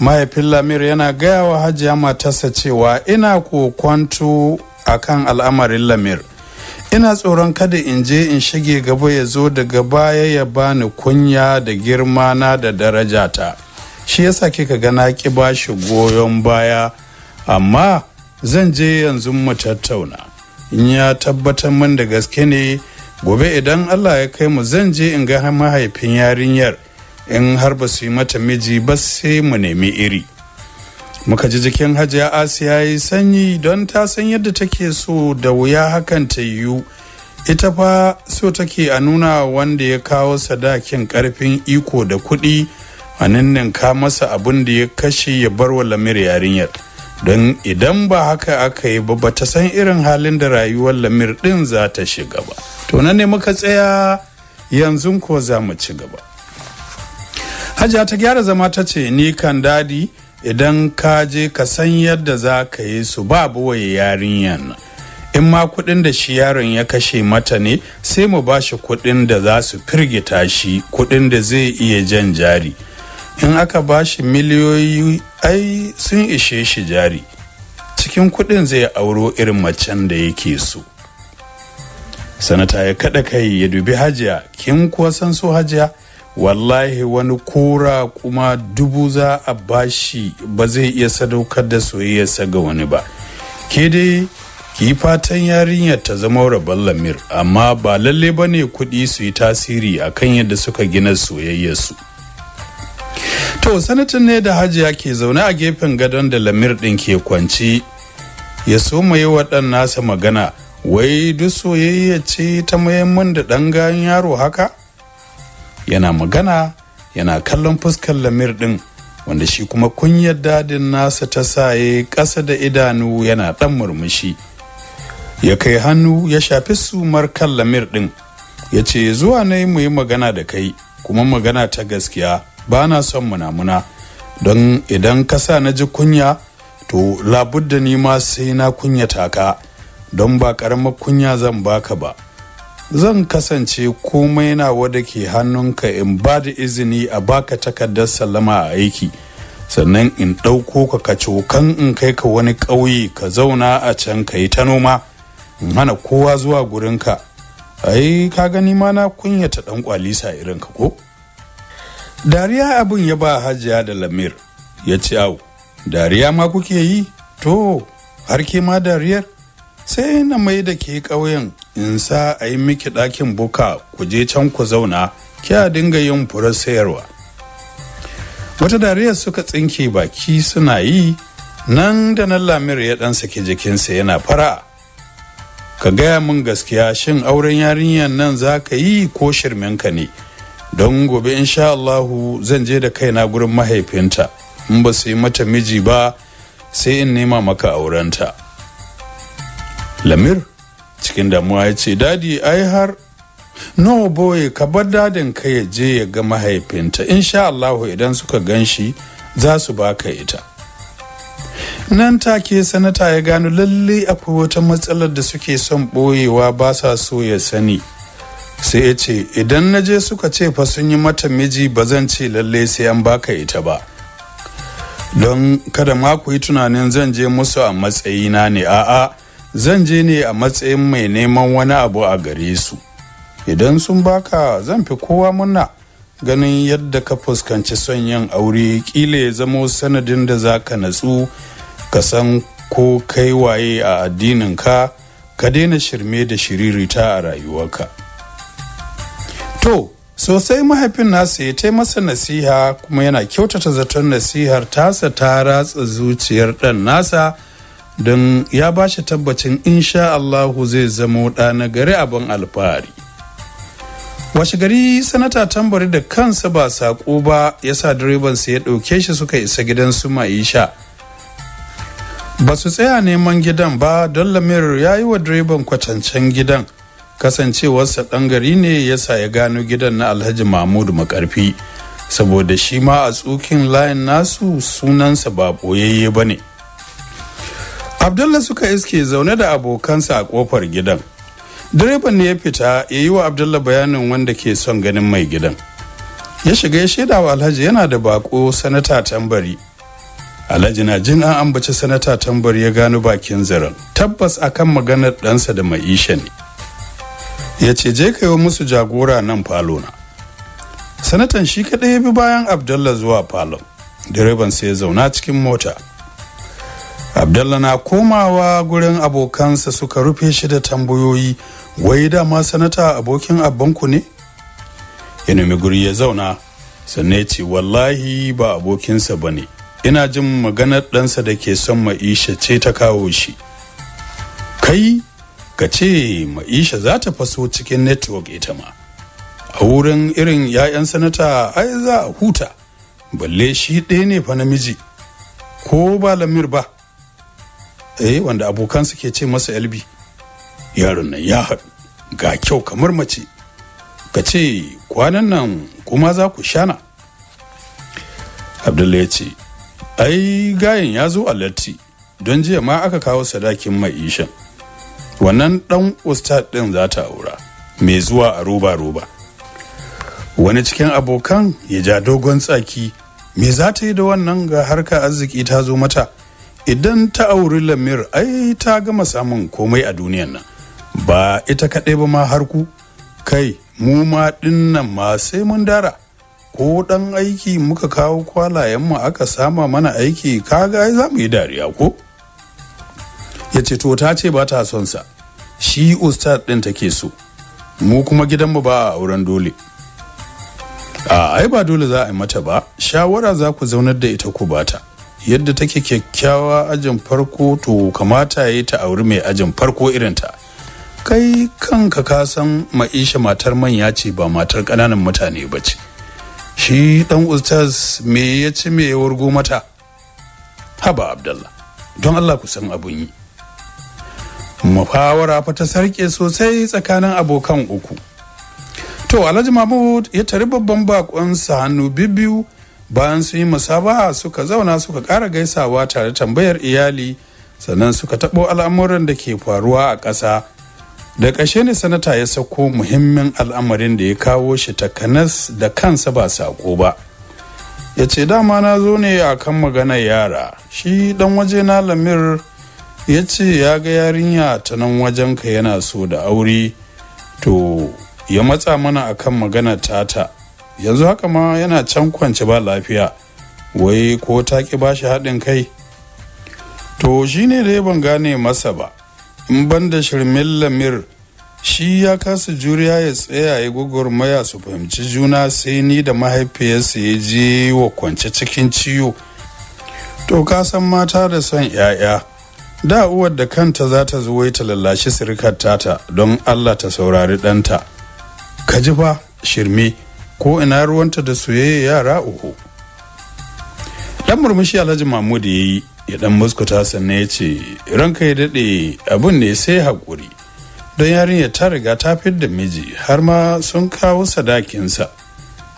mahaifin lamir yana gaya wa hajiya matarsa cewa ina kwantu a kan al'amarin lamir ina tsoron kada in je in shige gaba ya zo daga baya ya bani kunya da girma na da darajata shi yasa kika ga na kiba shi goyon baya amma zan je yanzu mu tattauna in ya tabbatar min da gaske ne gobe idan allah ya kai mu zan je in ga mahaifin yarinyar in har ba su yi mata miji ba sai mu nemi iri muka ji jikin hajiya asiya yi sanyi don ta san yadda take so da wuya hakan ta yiwu ita fa so take a nuna wanda ya kawo sadakin karfin iko da kuɗi a ka masa abin da ya kashe ya bar wa lamir yarinyar don idan ba haka aka yi ba ba ta san irin halin da rayuwar lamir ɗin za ta shiga ba to nan ne muka tsaya yanzu ko za mu ci gaba hajiya ta gyara zama ta ce ni kan dadi idan ka je ka san yadda za ka yi su ba buwaye yarinyan in ma kudin da shi yaron ya kashe mata ne sai mu ba shi kudin da za su firgita shi kudin da zai iya jan jari in aka ba shi miliyoyi ai sun ishe shi jari cikin kudin zai auro irin macen da yake so sanata ya kaɗa kai ya dubi hajiya kin kuwa san so hajiya wallahi wani kora kuma dubu za a bashi ba zai iya sadaukar da soyayyarsa ga wani ba ke dai ki fatan yarinyar ta zama rabon lamir amma ba lalle ba ne kuɗi su yi tasiri a kan yadda suka gina soyayyarsu to sanatan ne da hajiya ke zaune a gefen gadon da lamir ɗin ke kwanci ya so mai waɗan nasa magana wai duk soyayya ce ta mayan da ɗan gayan yaro haka yana magana yana kallon fuskar lamir ɗin wanda shi kuma kunyar dadin nasa ta saye ƙasa da idanu yana ɗan murmushi ya kai hannu ya shafi sumar kan lamir ɗin ya ce zuwa na yi yi magana da kai kuma magana ta gaskiya ba na son munamuna don idan ka sa na ji kunya to labudda ni ma sai na kunya taka don ba ƙaramar kunya zan baka ba zan kasance komai na wadda ke hannunka in ba da izini a baka takardar sallama a aiki sannan in ɗauko ka kacokan in kai ka wani ƙauye ka zauna a can ka yi ta noma in hana kowa zuwa gurinka ai ka gani ma na kunyata ɗan kwalisa irin ka ko dariya abin ya ba hajiya da lamir ya ci awo, dariya ma kuke yi to har ke ma dariyar sai na mai da ke ƙauyen in sa a yi miki ɗakin buka ku je can ku zauna kya dinga yin furar sayarwa wata dariya suka tsinke baki suna yi nan da nan lamir ya ɗan saki jikinsa yana fara ka gaya mun gaskiya shin auren yarinyar nan za ka yi ko shirminka ne don gobe insha Allahu zan je da kaina gurin mahaifinta in ba su yi mata miji ba sai in nema maka aurenta. lamir cikin damuwa ya ce dadi ai har no boye ka bar dadin ka ya je ya ga mahaifinta insha Allahu idan suka gan shi za su baka ita nan take sanata ya gano lalle akwai wata matsalar da suke son boyewa ba sa so ya sani sai ya ce idan na je suka ce fa sun yi mata miji ba zan ce lalle sai an baka ita ba don kada ma ku yi tunanin zan je musu a matsayina ne a'a zan je ne a matsayin mai neman wani abu a gare su idan sun baka zan fi kowa muna ganin yadda ka fuskanci son yin aure kila ya zamo sanadin da za ka natsu ka san ko kai waye a addinin ka ka daina shirme da shiririta a rayuwarka to sosai mahaifin nasa ya tai masa nasiha kuma yana kyautata zaton nasihar tasa ta ratsa zuciyar ɗan nasa don ya ba shi tabbacin insha Allahu zai zama ɗa na gari abin alfahari. Washe gari sanata tambari da kansa ba saƙo ba ya sa direbansa ya ɗauke shi suka isa gidan su ma'isha. Ba su tsaya neman gidan ba don lamir ya yi wa direban kwatancen gidan kasancewarsa ɗan gari ne ya sa ya gano gidan na Alhaji Mahmud Makarfi saboda shi ma a tsukin layin nasu sunansa ba ɓoyayye ba ne. abdullah suka iske zaune da abokansa a kofar gidan direban ne ya fita ya yi wa abdullah bayanin wanda ke son ganin mai gidan ya shiga ya shaida wa alhaji yana da bako sanata tambari alhaji na jin an ambaci sanata tambari ya gano bakin zaren tabbas akan maganar ɗansa da mai isha ne ya ce je ka yi musu jagora nan falona sanatan shi kaɗai ya bi bayan abdullah zuwa falon direban sai ya zauna cikin mota abdallah na komawa gurin abokansa suka rufe shi da tambayoyi wai dama sanata abokin abbanku ne ya nemi guri ya zauna sannan ce wallahi ba abokinsa ba ne ina jin maganar ɗansa da ke son ma'isha ce ta kawo shi kai ka ce ma'isha za ta faso cikin network ita ma a wurin irin 'ya'yan sanata ai za a huta balle shi ɗaya ne fa namiji ko ba lamir ba eh wanda abokansa ke ce masa yalbi yaron nan ya haɗu ga kyau kamar mace ka ce kwanan nan kuma za ku shana abdullahi ya ce ai gayin ya zo a latti don jiya ma aka kawo sadakin mai ma'ishan wannan dan ustad din za ta aura mai zuwa a roba-roba wani cikin abokan ya ja dogon tsaki me za ta yi da wannan ga harka arziki ta zo mata idan ta auri lamir ai ta gama samun komai a duniyan nan ba ita kaɗai ba ma har ku kai mu ma nan ma sai mun dara ko ɗan aiki muka kawo kwalayen mu aka sama mana aiki kaga ai za mu yi dariya ko ya ce to ta ce ba ta son sa shi ustad ɗin take so mu kuma gidanmu ba a auren dole a ai ba dole za a yi mata ba shawara za ku zaunar da ita ku bata yadda take kyakkyawa ajin farko to kamata yi ta auri mai ajin farko irin ta. kai kanka ka san ma'isha matar manya ce ba matar ƙananan mutane ba ce shi dan ustaz me ya ci me ya wargo mata haba abdallah don allah ku san abun yi mufawara fa ta sarke sosai tsakanin abokan uku to alhaji mahmud ya tari babban sa hannu bibiyu bayan sun yi musabaha suka zauna suka ƙara gaisawa tare tambayar iyali sannan suka taɓo al'amuran da ke faruwa a ƙasa da ƙashe ne sanata ya sako muhimmin al'amarin da ya kawo shi takanas da kansa ba sako ba ya ce dama na zo ne a kan maganar yara shi dan waje na lamir ya ce ya ga yarinya ta nan wajen ka yana so da aure to ya matsa mana akan magana tata yanzu haka ma yana can kwance ba lafiya wai ko ta ki ba shi haɗin kai to shi ne dai ban gane masa ba in ban da shirmin lamir shi ya kasa juriya ya tsaya ya maya su fahimci juna sai ni da mahaifiyarsa ya je wa kwance cikin ciwo to ka san mata da son 'ya'ya da uwar da kanta za ta zo ta lallashi sirikar tata don allah ta saurari ɗanta ka ji fa shirme ko ina ruwanta da soyayya yara uku dan murmushi alhaji mahmud ya yi ya dan muskuta sannan ya ce ranka ya daɗe abun ne sai haƙuri don yarinya ta riga ta da miji har ma sun kawo sadakinsa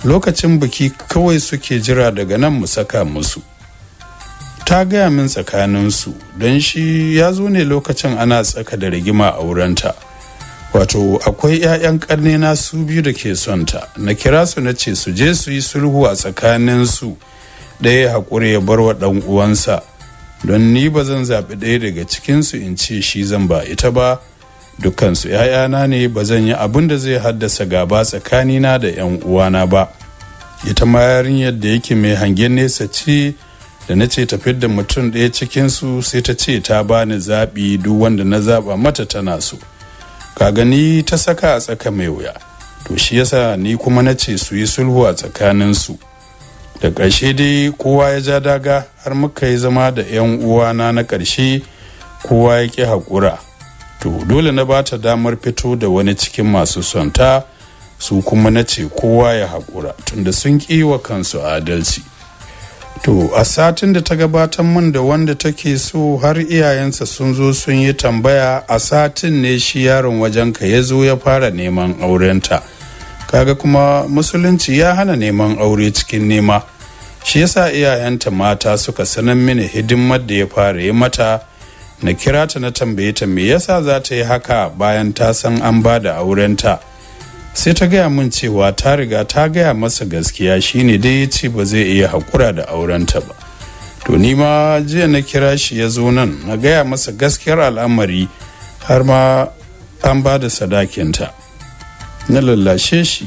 lokacin biki kawai suke jira daga nan mu saka musu ta gaya min tsakaninsu don shi ya zo ne lokacin ana tsaka da rigima a wurinta wato akwai 'ya'yan karne na su biyu da ke son ta na kira su na ce su je su yi sulhu a tsakanin su ɗaya haƙuri ya bar wa ɗan uwansa don ni ba zan zaɓi ɗaya daga cikinsu in ce shi zan ba ita ba dukansu 'ya'yana ne ba zan yi abin da zai haddasa gaba tsakanina da 'yan uwana ba ita ma yarinyar da yake mai hangen nesa ce da na ce tafiyar da mutum ɗaya cikinsu sai ta ce ta bani zaɓi duk wanda na zaɓa mata tana so. ka gani ta saka a tsaka mai wuya to shi yasa ni kuma na ce su yi sulhu a tsakaninsu da ƙarshe dai kowa ya ja daga har muka yi zama da 'yan uwana na ƙarshe kowa ya ƙi haƙura to dole na bata damar fito da wani cikin masu sonta su kuma na ce kowa ya haƙura tunda sun ƙi wa kansu adalci To a satin da ta gabatar min da wanda take so har iyayensa sun zo sun yi tambaya a satin ne shi yaron wajenka ya zo ya fara neman aurenta. Kaga kuma musulunci ya hana neman aure cikin nema. Shi yasa iyayenta mata suka sanar mini hidimar da ya fara yi mata na kira ta na tambaye ta me yasa za ta yi haka bayan ta san an ba da aurenta. sai ta gaya min cewa ta riga ta gaya masa gaskiya shine dai ya ce ba zai iya haƙura da aurenta ba to ni ma jiya na kira shi ya zo nan na gaya masa gaskiyar al'amari har ma an ba da sadakin ta na lallashe shi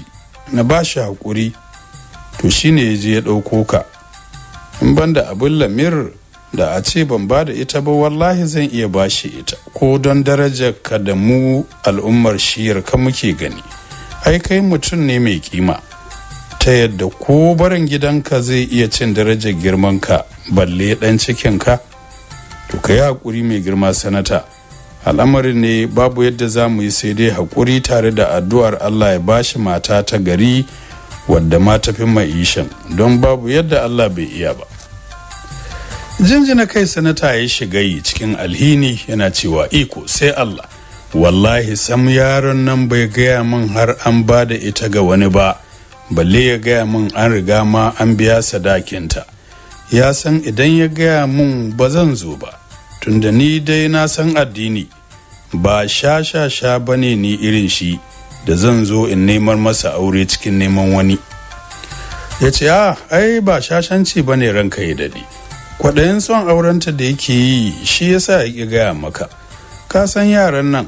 na ba shi haƙuri to shine ya je ya ɗauko ka in banda abin lamir da a ce ban ba da ita ba wallahi zan iya ba shi ita ko don darajar ka da mu al'ummar shiyar ka muke gani ai kai mutum ne mai kima ta yadda ko barin gidanka zai iya cin darajar girmanka balle dan cikinka to ka yi haƙuri mai girma sanata al'amarin ne babu yadda za mu yi sai dai haƙuri tare da addu'ar allah ya bashi mata ta gari wadda ma mai ma'ishan don babu yadda allah bai iya ba jinjina kai sanata ya shiga yi cikin alhini yana cewa iko sai allah wallahi sam yaron nan bai gaya min har an ba da ita ga wani ba balle ya gaya min an riga ma an biya sadakinta ya san idan ya gaya min ba zan zo ba tunda ni dai na san addini ba sha-sha-sha ba ne ni irin shi da zan zo in neman masa aure cikin neman wani ya ce a ah, ai ba shashanci ba ne ranka ya daɗe kwaɗayin son aurenta da yake yi shi yasa ya ƙi gaya maka ka san yaran nan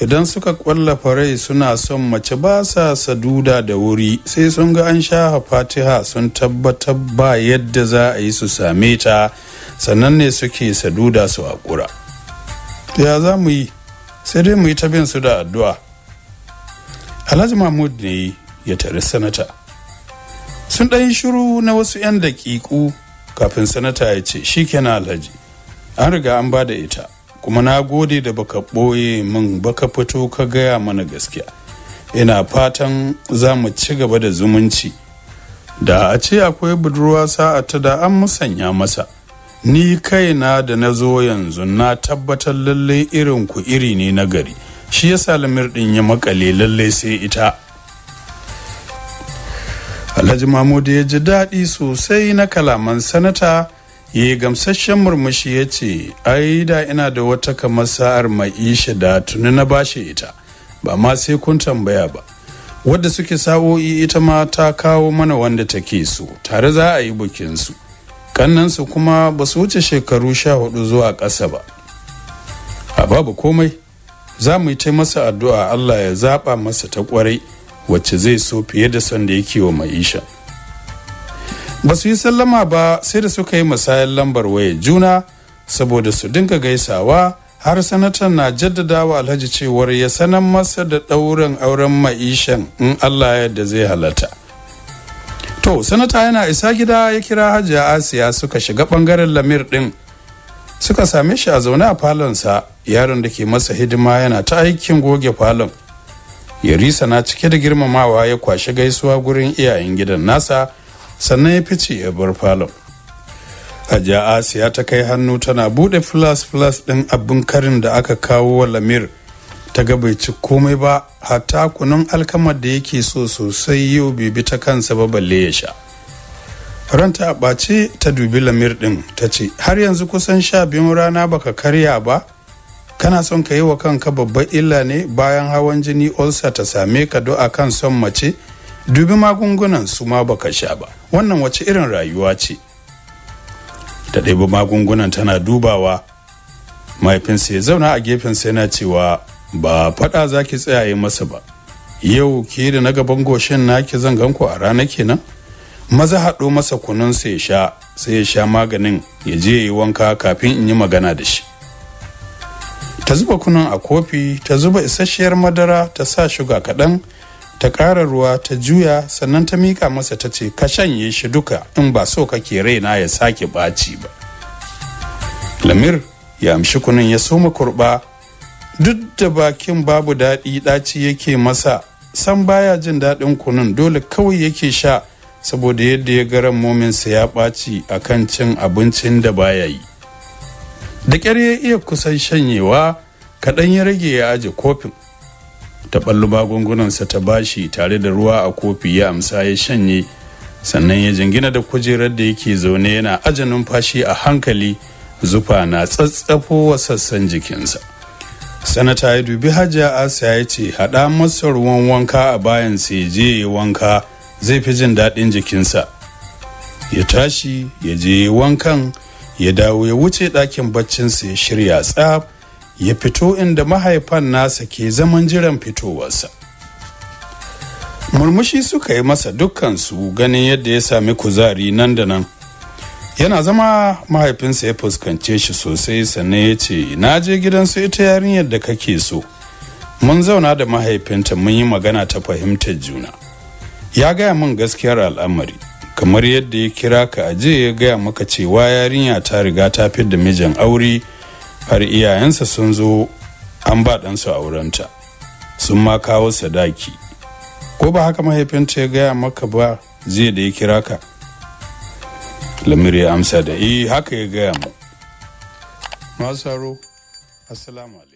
idan suka kwallafa rai suna son mace ba sa saduda da wuri sai sun ga an sha fatiha sun tabbatar ba yadda za a yi su same ta sannan ne suke saduda su haƙura ya za mu yi sai dai mu yi ta bin su da addu'a alhaji mahmud ne ya tare sanata sun ɗan shiru na wasu 'yan daƙiƙu kafin sanata ya ce shi kenan alhaji an riga an ba da ita kuma na gode da baka ɓoye min baka fito ka gaya mana gaskiya ina fatan za mu ci gaba da zumunci da a ce akwai budurwa sa'a ta da an musanya masa ni kaina da na zo yanzu na tabbatar lallai irin ku iri ne na gari shi ya salamir din ya makale lallai sai ita alhaji mahmud ya ji daɗi sosai na kalaman sanata ya gamsasshen murmushi ya ce ai da ina da wata kamar sa'ar ma'isha da tuni na bashi ita ba ma sai kun tambaya ba wadda suke sa'o'i ita ma ta kawo mana wanda take so tare za a yi bukinsu kannansu kuma ba su wuce shekaru sha hudu zuwa ƙasa ba a babu komai za mu yi ta masa addu'a allah ya zaɓa masa ta ƙwarai wacce zai so fiye da son da yake wa ma'isha ba su yi sallama ba sai da suka yi musayar lambar waya juna saboda su dinga gaisawa har sanatan na jaddadawa alhaji cewar ya sanar masa da ɗaurin auren ma'ishan in allah yadda zai halata to sanata yana isa gida ya kira hajiya asiya suka shiga ɓangaren lamir ɗin suka same shi a zaune a falonsa yaron da ke masa hidima yana ta aikin goge falon yarisa na cike da girmamawa ya kwashi gaisuwa gurin iyayen gidan nasa sannan ya fice ya bar falon hajiya asiya ta kai hannu tana bude flas flas din abin karin da aka kawo wa lamir ta ga bai komai ba hatta kunun alkama da yake so sosai yau bai ta kansa ba balle ya sha ranta a ɓace ta dubi lamir din ta ce har yanzu kusan sha biyun rana baka karya ba kana son ka yi wa kanka babban illa ne bayan hawan jini ulcer ta same ka do a kan son mace dubi magungunan su ma baka sha ba wannan wace irin rayuwa ce ta magungunan tana dubawa mahaifinsa ya zauna a gefensa yana cewa ba faɗa za ki tsayaye masa ba yau ke da na gaban goshen naki zan ganku a rana kenan maza haɗo masa kununsa ya sha sai ya sha maganin ya je ya yi wanka kafin in yi magana da shi ta zuba kunun a kofi ta zuba isasshiyar madara ta sa shuga kaɗan ta ƙara ruwa ta juya sannan ta mika masa ta ce ka shanye shi duka in ba so kake raina ya sake ɓaci ba lamir ya amshi kunin ya soma kurɓa duk da bakin babu daɗi ɗaci yake masa san baya jin daɗin kunun dole kawai yake sha saboda yadda ya ga mominsa ya ɓaci a kan cin abincin da baya yi da ƙyar ya iya kusan shanyewa kaɗan ya rage ya aje kofin ta ɓallu magungunansa ta bashi tare da ruwa a kofi ya amsa ya shanye sannan ya jingina da kujerar da yake zaune yana aje numfashi a hankali zufa na tsatsafo wa sassan jikinsa sanata ya dubi hajji asiya ya ce haɗa masa ruwan wanka a bayan sai je ya wanka zai fi jin daɗin jikinsa ya tashi ya je wankan ya dawo ya wuce ɗakin baccinsa ya shirya tsaf ya fito inda mahaifan nasa ke zaman jiran fitowarsa murmushi suka yi masa dukkansu ganin yadda ya sami kuzari nan da nan yana zama mahaifinsa ya fuskance shi sosai sannan ya ce na je gidansu ita yarinyar da kake so mun zauna da mahaifinta mun yi magana ta fahimtar juna ya gaya min gaskiyar al'amari kamar yadda ya kira ka aje ya gaya maka cewa yarinya ta riga ta fi da mijin aure har iyayensa sun zo an ba ɗansu aurenta sun ma kawo sadaki ko ba haka mahaifinta ya gaya maka ba zai da ya kira ka lamiri ya amsa da yi eh, haka ya gaya mu masaro assalamu